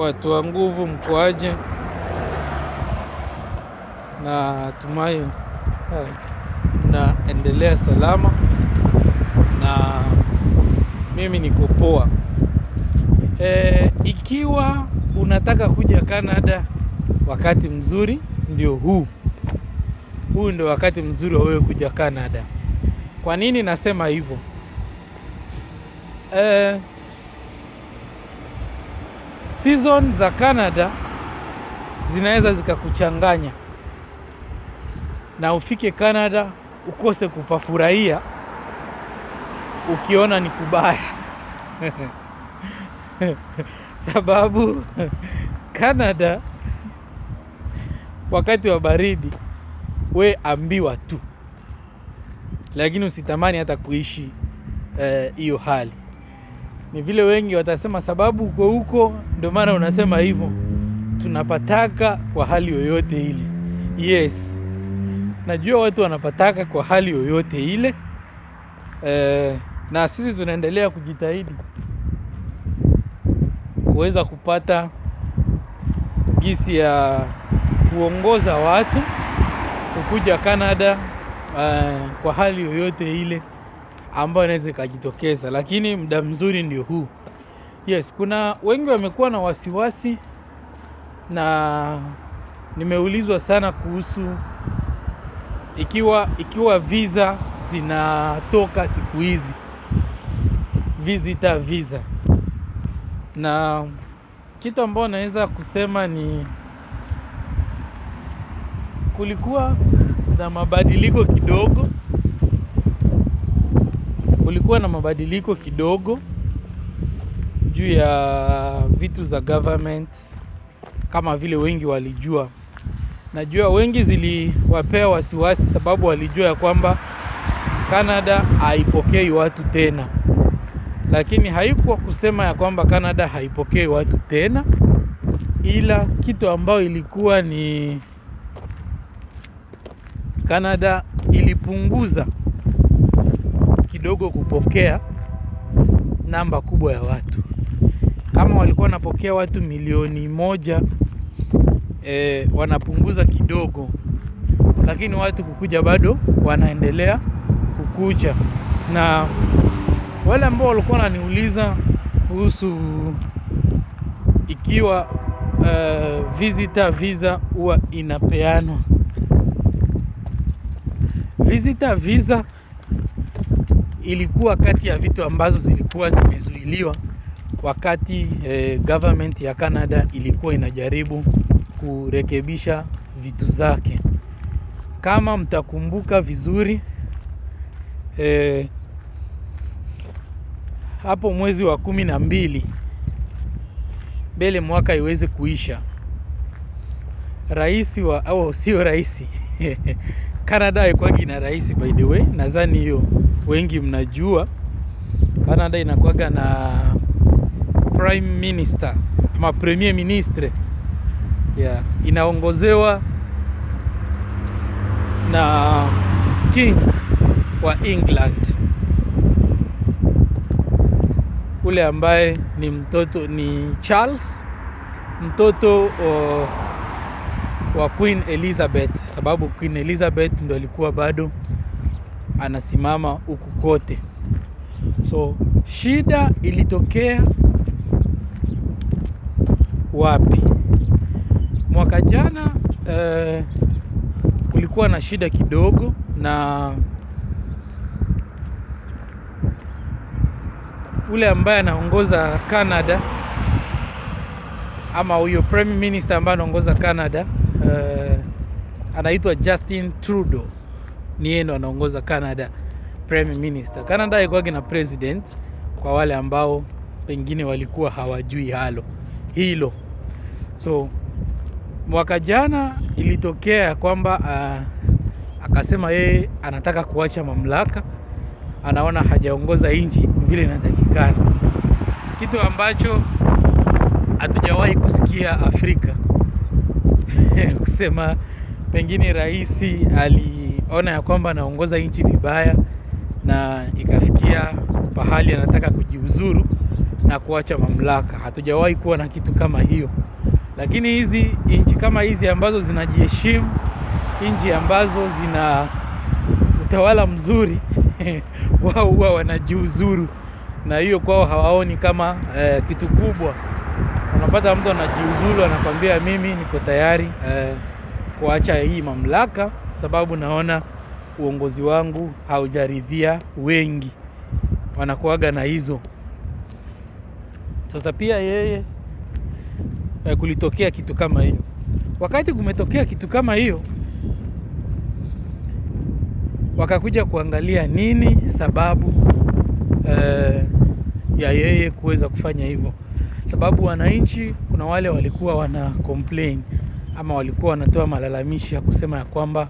watu wa nguvu, mkoaje? na tumai eh, naendelea salama, na mimi niko poa. E, ikiwa unataka kuja Canada, wakati mzuri ndio huu. Huu ndio wakati mzuri wa wewe kuja Canada. Kwa nini nasema hivyo? E, season za Canada zinaweza zikakuchanganya na ufike Canada ukose kupafurahia ukiona ni kubaya sababu Canada wakati wa baridi we ambiwa tu, lakini usitamani hata kuishi eh, hiyo eh, hali. Ni vile wengi watasema sababu uko huko, ndio maana unasema hivyo. Tunapataka kwa hali yoyote ile. Yes, najua watu wanapataka kwa hali yoyote ile e, na sisi tunaendelea kujitahidi kuweza kupata gisi ya kuongoza watu kukuja Canada uh, kwa hali yoyote ile ambayo inaweza ikajitokeza, lakini muda mzuri ndio huu. Yes, kuna wengi wamekuwa na wasiwasi na nimeulizwa sana kuhusu ikiwa ikiwa visa zinatoka siku hizi visitor visa, na kitu ambayo naweza kusema ni kulikuwa na mabadiliko kidogo kulikuwa na mabadiliko kidogo juu ya vitu za government kama vile wengi walijua. Najua wengi ziliwapea wasiwasi, sababu walijua ya kwamba Canada haipokei watu tena, lakini haikuwa kusema ya kwamba Canada haipokei watu tena, ila kitu ambayo ilikuwa ni Canada ilipunguza kidogo kupokea namba kubwa ya watu. Kama walikuwa wanapokea watu milioni moja e, wanapunguza kidogo, lakini watu kukuja bado wanaendelea kukuja, na wale ambao walikuwa wananiuliza kuhusu ikiwa uh, visitor visa huwa inapeanwa visitor visa ilikuwa kati ya vitu ambazo zilikuwa zimezuiliwa wakati eh, government ya Canada ilikuwa inajaribu kurekebisha vitu zake. Kama mtakumbuka vizuri eh, hapo mwezi wa kumi na mbili mbele mwaka iweze kuisha, rais wa au oh, sio rais Canada haikwagi na rais by the way, nadhani hiyo wengi mnajua Canada inakuwaga na prime minister ama premier ministre yeah. Inaongozewa na king wa England ule ambaye ni mtoto ni Charles mtoto o, uh, wa Queen Elizabeth, sababu Queen Elizabeth ndo alikuwa bado anasimama huku kote. So shida ilitokea wapi? Mwaka jana eh, kulikuwa na shida kidogo na ule ambaye anaongoza Canada ama huyo prime minister ambaye anaongoza Canada eh, anaitwa Justin Trudeau ni yeye ndo anaongoza Canada, prime minister. Canada haikuwagi na president, kwa wale ambao pengine walikuwa hawajui halo hilo. So mwaka jana ilitokea kwamba uh, akasema yeye anataka kuacha mamlaka, anaona hajaongoza nchi vile inatakikana, kitu ambacho hatujawahi kusikia Afrika kusema pengine rais ali ona ya kwamba anaongoza nchi vibaya na ikafikia pahali anataka kujiuzuru na kuacha mamlaka. Hatujawahi kuwa na kitu kama hiyo, lakini hizi nchi kama hizi ambazo zinajiheshimu, nchi ambazo zina utawala mzuri wao huwa wanajiuzuru, na hiyo kwao hawaoni kama eh, kitu kubwa. Unapata mtu anajiuzuru, anakwambia mimi niko tayari eh, kuacha hii mamlaka sababu naona uongozi wangu haujaridhia wengi, wanakuaga na hizo sasa. Pia yeye eh, kulitokea kitu kama hiyo, wakati kumetokea kitu kama hiyo, wakakuja kuangalia nini sababu eh, ya yeye kuweza kufanya hivyo, sababu wananchi, kuna wale walikuwa wana complain ama walikuwa wanatoa malalamishi ya kusema ya kwamba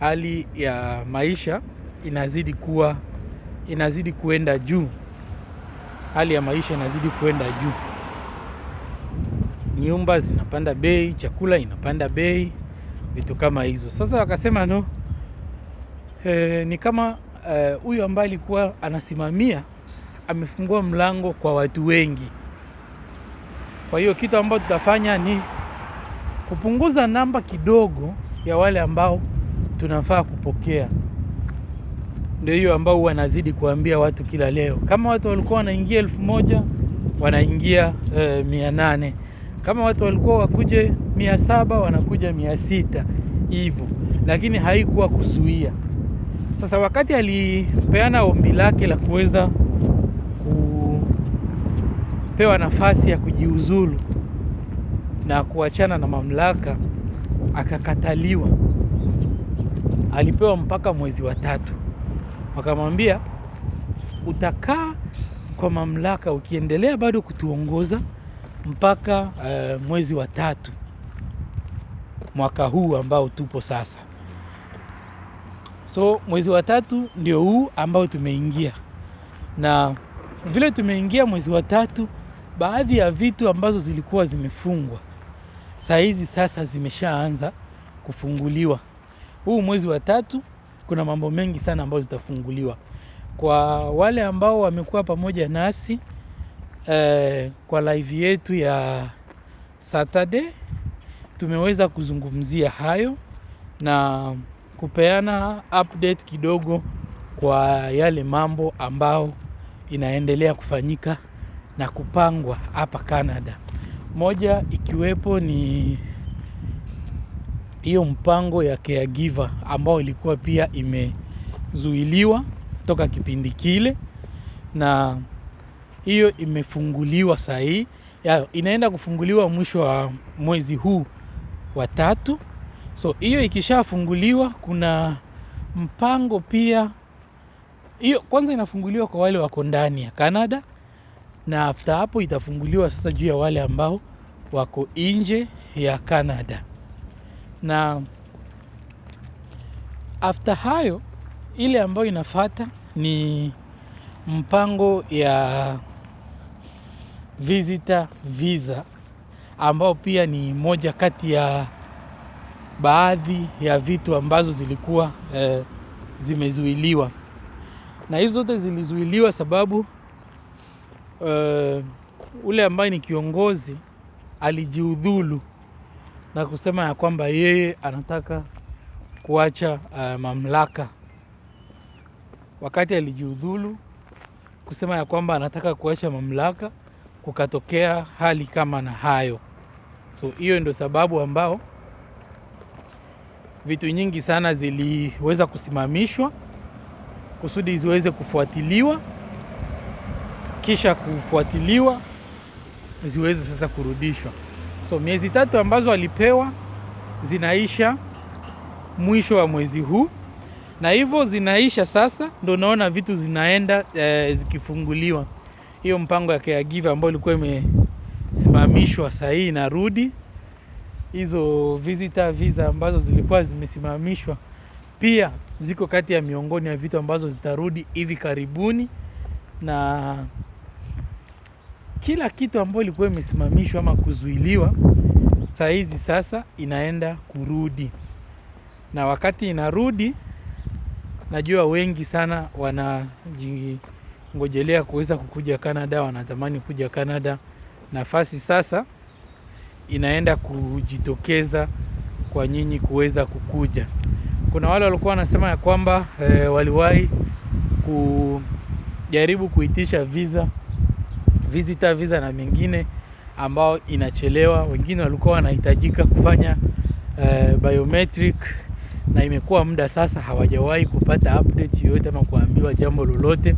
hali ya maisha inazidi kuwa inazidi kuenda juu, hali ya maisha inazidi kuenda juu, nyumba zinapanda bei, chakula inapanda bei, vitu kama hizo. Sasa wakasema no, e, ni kama eh, huyu e, ambaye alikuwa anasimamia amefungua mlango kwa watu wengi. Kwa hiyo kitu ambacho tutafanya ni kupunguza namba kidogo ya wale ambao tunafaa kupokea. Ndio hiyo ambao huwa nazidi kuambia watu kila leo. Kama watu walikuwa wanaingia elfu moja wanaingia eh, mia nane kama watu walikuwa wakuje mia saba wanakuja mia sita hivyo, lakini haikuwa kuzuia. Sasa wakati alipeana ombi lake la kuweza kupewa nafasi ya kujiuzulu na kuachana na mamlaka, akakataliwa alipewa mpaka mwezi wa tatu, wakamwambia utakaa kwa mamlaka ukiendelea bado kutuongoza mpaka uh, mwezi wa tatu mwaka huu ambao tupo sasa. So mwezi wa tatu ndio huu ambao tumeingia, na vile tumeingia mwezi wa tatu, baadhi ya vitu ambazo zilikuwa zimefungwa saa hizi sasa zimeshaanza kufunguliwa huu mwezi wa tatu kuna mambo mengi sana ambayo zitafunguliwa kwa wale ambao wamekuwa pamoja nasi eh, kwa live yetu ya Saturday tumeweza kuzungumzia hayo na kupeana update kidogo kwa yale mambo ambao inaendelea kufanyika na kupangwa hapa Canada, moja ikiwepo ni hiyo mpango ya caregiver ambao ilikuwa pia imezuiliwa toka kipindi kile, na hiyo imefunguliwa saa hii, inaenda kufunguliwa mwisho wa mwezi huu wa tatu. So hiyo ikishafunguliwa, kuna mpango pia hiyo kwanza inafunguliwa kwa wale wako ndani ya Canada, na after hapo itafunguliwa sasa juu ya wale ambao wako nje ya Canada na after hayo, ile ambayo inafata ni mpango ya visitor visa ambao pia ni moja kati ya baadhi ya vitu ambazo zilikuwa eh, zimezuiliwa na hizo zote zilizuiliwa sababu eh, ule ambaye ni kiongozi alijiudhulu na kusema ya kwamba yeye anataka kuacha uh, mamlaka wakati alijiudhulu, kusema ya kwamba anataka kuacha mamlaka, kukatokea hali kama na hayo. So hiyo ndio sababu ambao vitu nyingi sana ziliweza kusimamishwa kusudi ziweze kufuatiliwa, kisha kufuatiliwa ziweze sasa kurudishwa. So miezi tatu ambazo alipewa zinaisha mwisho wa mwezi huu, na hivyo zinaisha sasa, ndo naona vitu zinaenda eh, zikifunguliwa. Hiyo mpango ya caregiver ambayo ilikuwa imesimamishwa saa hii inarudi. Hizo visitor visa ambazo zilikuwa zimesimamishwa pia ziko kati ya miongoni ya vitu ambazo zitarudi hivi karibuni na kila kitu ambayo ilikuwa imesimamishwa ama kuzuiliwa saa hizi sasa inaenda kurudi, na wakati inarudi, najua wengi sana wanajingojelea kuweza kukuja Canada, wanatamani kuja Canada. Nafasi sasa inaenda kujitokeza kwa nyinyi kuweza kukuja. Kuna wale walikuwa wanasema ya kwamba e, waliwahi kujaribu kuitisha visa visitor visa na mingine ambao inachelewa. Wengine walikuwa wanahitajika kufanya uh, biometric na imekuwa muda sasa, hawajawahi kupata update yoyote ama kuambiwa jambo lolote.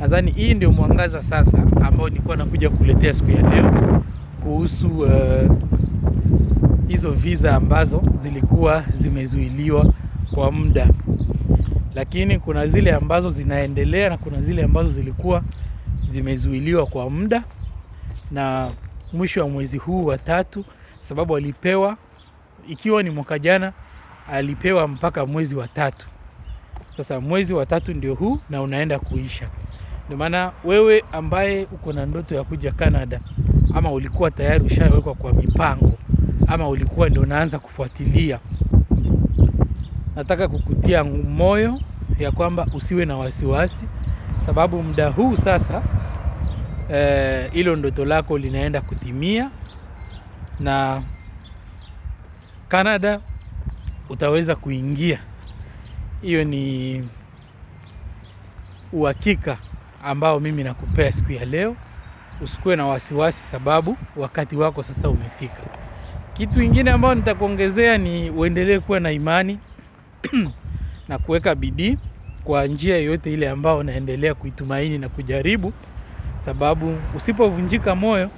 Nadhani hii ndio mwangaza sasa ambao nilikuwa nakuja kuletea siku ya leo kuhusu uh, hizo visa ambazo zilikuwa zimezuiliwa kwa muda, lakini kuna zile ambazo zinaendelea na kuna zile ambazo zilikuwa zimezuiliwa kwa muda na mwisho wa mwezi huu wa tatu, sababu alipewa ikiwa ni mwaka jana alipewa mpaka mwezi wa tatu. Sasa mwezi wa tatu ndio huu na unaenda kuisha. Ndio maana wewe ambaye uko na ndoto ya kuja Canada ama ulikuwa tayari ushawekwa kwa mipango ama ulikuwa ndio unaanza kufuatilia, nataka kukutia moyo ya kwamba usiwe na wasiwasi sababu muda huu sasa eh, hilo eh, ndoto lako linaenda kutimia, na Canada utaweza kuingia. Hiyo ni uhakika ambao mimi nakupea siku ya leo. Usikuwe na wasiwasi, sababu wakati wako sasa umefika. Kitu ingine ambayo nitakuongezea ni uendelee kuwa na imani na kuweka bidii kwa njia yoyote ile ambao unaendelea kuitumaini na kujaribu, sababu usipovunjika moyo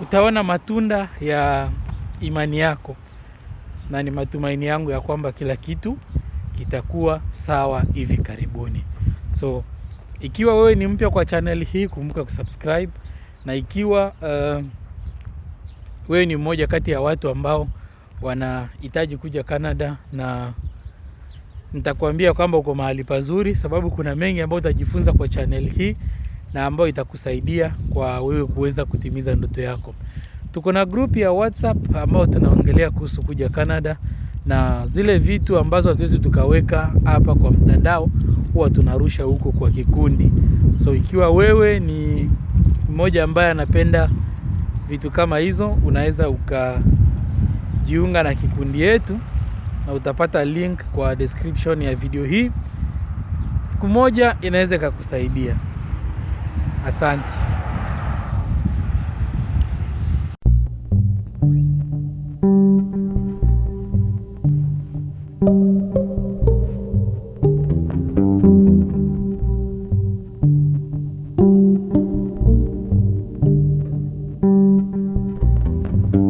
utaona matunda ya imani yako, na ni matumaini yangu ya kwamba kila kitu kitakuwa sawa hivi karibuni. So ikiwa wewe ni mpya kwa channel hii, kumbuka kusubscribe, na ikiwa uh, wewe ni mmoja kati ya watu ambao wanahitaji kuja Canada na nitakwambia kwamba uko mahali pazuri, sababu kuna mengi ambayo utajifunza kwa channel hii na ambayo itakusaidia kwa wewe kuweza kutimiza ndoto yako. Tuko na group ya WhatsApp ambayo tunaongelea kuhusu kuja Canada na zile vitu ambazo hatuwezi tukaweka hapa kwa mtandao huwa tunarusha huko kwa kikundi. So ikiwa wewe ni mmoja ambaye anapenda vitu kama hizo, unaweza ukajiunga na kikundi yetu na utapata link kwa description ya video hii. Siku moja inaweza ikakusaidia. Asante.